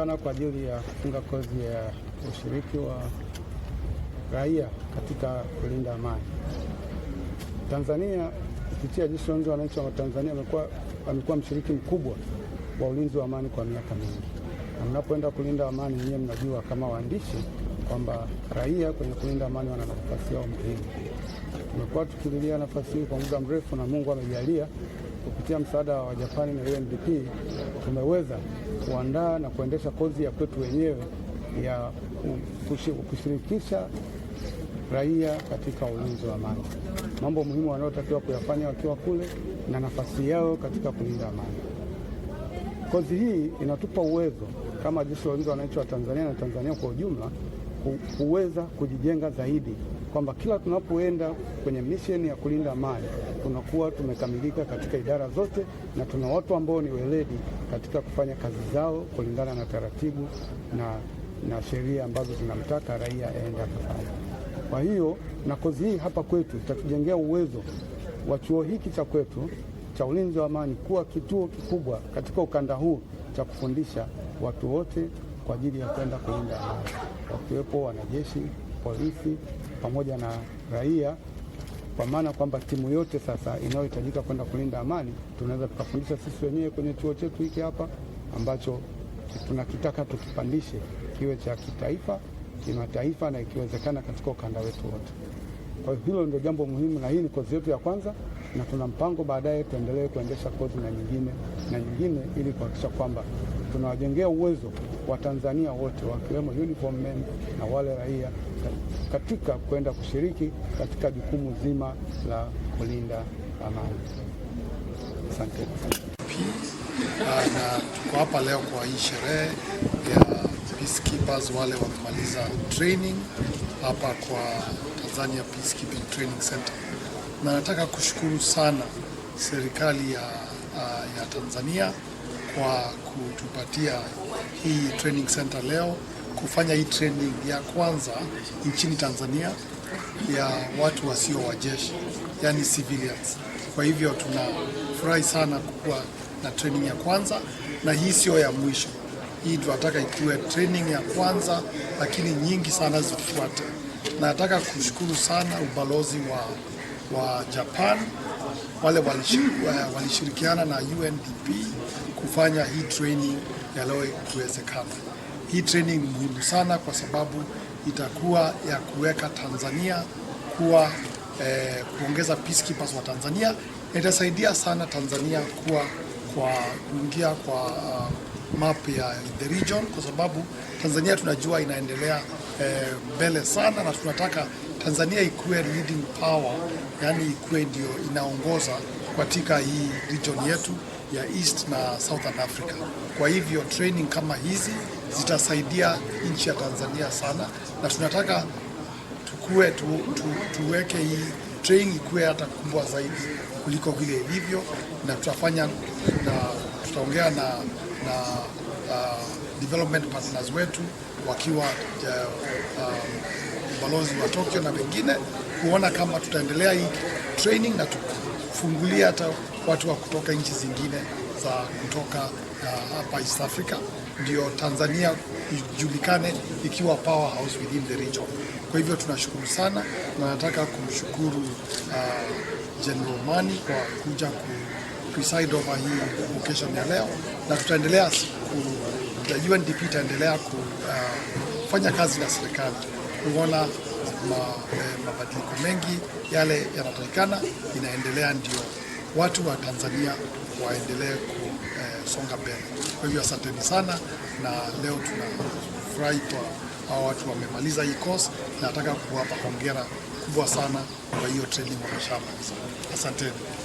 sana kwa ajili ya kufunga kozi ya ushiriki wa raia katika kulinda amani Tanzania. Kupitia jeshi la ulinzi wa wananchi wa Tanzania amekuwa mshiriki mkubwa wa ulinzi wa amani kwa miaka mingi, na mnapoenda kulinda amani wenyewe mnajua kama waandishi kwamba raia kwenye kulinda amani wana nafasi yao muhimu. Tumekuwa tukililia nafasi hii kwa muda mrefu na Mungu amejalia kupitia msaada wa Japani na UNDP tumeweza kuandaa na kuendesha kozi ya kwetu wenyewe ya kushirikisha raia katika ulinzi wa amani, mambo muhimu wanayotakiwa kuyafanya wakiwa kule na nafasi yao katika kulinda amani. Kozi hii inatupa uwezo kama jeshi la ulinzi wa wananchi wa Tanzania na Tanzania kwa ujumla kuweza kujijenga zaidi kwamba kila tunapoenda kwenye misheni ya kulinda amani tunakuwa tumekamilika katika idara zote, na tuna watu ambao ni weledi katika kufanya kazi zao kulingana na taratibu na, na sheria ambazo zinamtaka raia aende akafanya. Kwa hiyo na kozi hii hapa kwetu itatujengea uwezo wa chuo hiki cha kwetu cha ulinzi wa amani kuwa kituo kikubwa katika ukanda huu cha kufundisha watu wote kwa ajili ya kwenda kulinda amani, wakiwepo wanajeshi polisi pamoja na raia, kwa maana kwamba timu yote sasa inayohitajika kwenda kulinda amani tunaweza tukafundisha sisi wenyewe kwenye chuo chetu hiki hapa ambacho tunakitaka tukipandishe kiwe cha kitaifa, kimataifa na ikiwezekana katika ukanda wetu wote. Kwa hiyo hilo ndio jambo muhimu, na hii ni kozi yetu ya kwanza, na tuna mpango baadaye tuendelee kuendesha kozi na nyingine na nyingine, ili kuhakikisha kwamba tunawajengea uwezo wa Tanzania wote wakiwemo uniform men na wale raia katika kwenda kushiriki katika jukumu zima la kulinda amani. Asante. Ah, na tuko hapa leo kwa hii sherehe ya peacekeepers wale wamemaliza training hapa kwa Tanzania Peacekeeping Training Center, na nataka kushukuru sana serikali ya, ah, ya Tanzania kwa kutupatia hii training center leo kufanya hii training ya kwanza nchini Tanzania ya watu wasio wa jeshi, yani civilians. Kwa hivyo tunafurahi sana kuwa na training ya kwanza, na hii sio ya mwisho. Hii tunataka ikuwe training ya kwanza, lakini nyingi sana zifuate. Nataka na kushukuru sana ubalozi wa, wa Japan wale eh, walishirikiana na UNDP kufanya hii training ya leo kuwezekana. Hii training ni muhimu sana kwa sababu itakuwa ya kuweka Tanzania kuwa eh, kuongeza peacekeepers wa Tanzania na itasaidia sana Tanzania kuwa kwa kuingia kwa uh, map ya the region kwa sababu Tanzania tunajua inaendelea eh, mbele sana na tunataka Tanzania ikuwe leading power, yani ikuwe ndio inaongoza katika hii region yetu ya East na Southern Africa. Kwa hivyo training kama hizi zitasaidia nchi ya Tanzania sana, na tunataka tukue tu, tu, tuweke hii training ikuwe hata kubwa zaidi kuliko vile ilivyo, na tutafanya na tutaongea na, na uh, development partners wetu wakiwa uh, um, balozi wa Tokyo na wengine kuona kama tutaendelea hii training na tufungulia hata watu wa kutoka nchi zingine za kutoka uh, hapa uh, East Africa ndio Tanzania ijulikane ikiwa powerhouse within the region. Kwa hivyo tunashukuru sana na nataka kumshukuru uh, General Mani kwa kuja ku preside over hii occasion ya leo, na tutaendelea ku UNDP itaendelea kufanya uh, kazi na serikali kuona eh, mabadiliko mengi yale yanatakikana inaendelea, ndio watu wa Tanzania waendelee kusonga eh, mbele. Kwa hivyo asanteni sana, na leo tunafurahi kwa hawa watu wamemaliza hii course, na nataka kuwapa hongera kubwa sana kwa hiyo training wameshamaliza. Asanteni.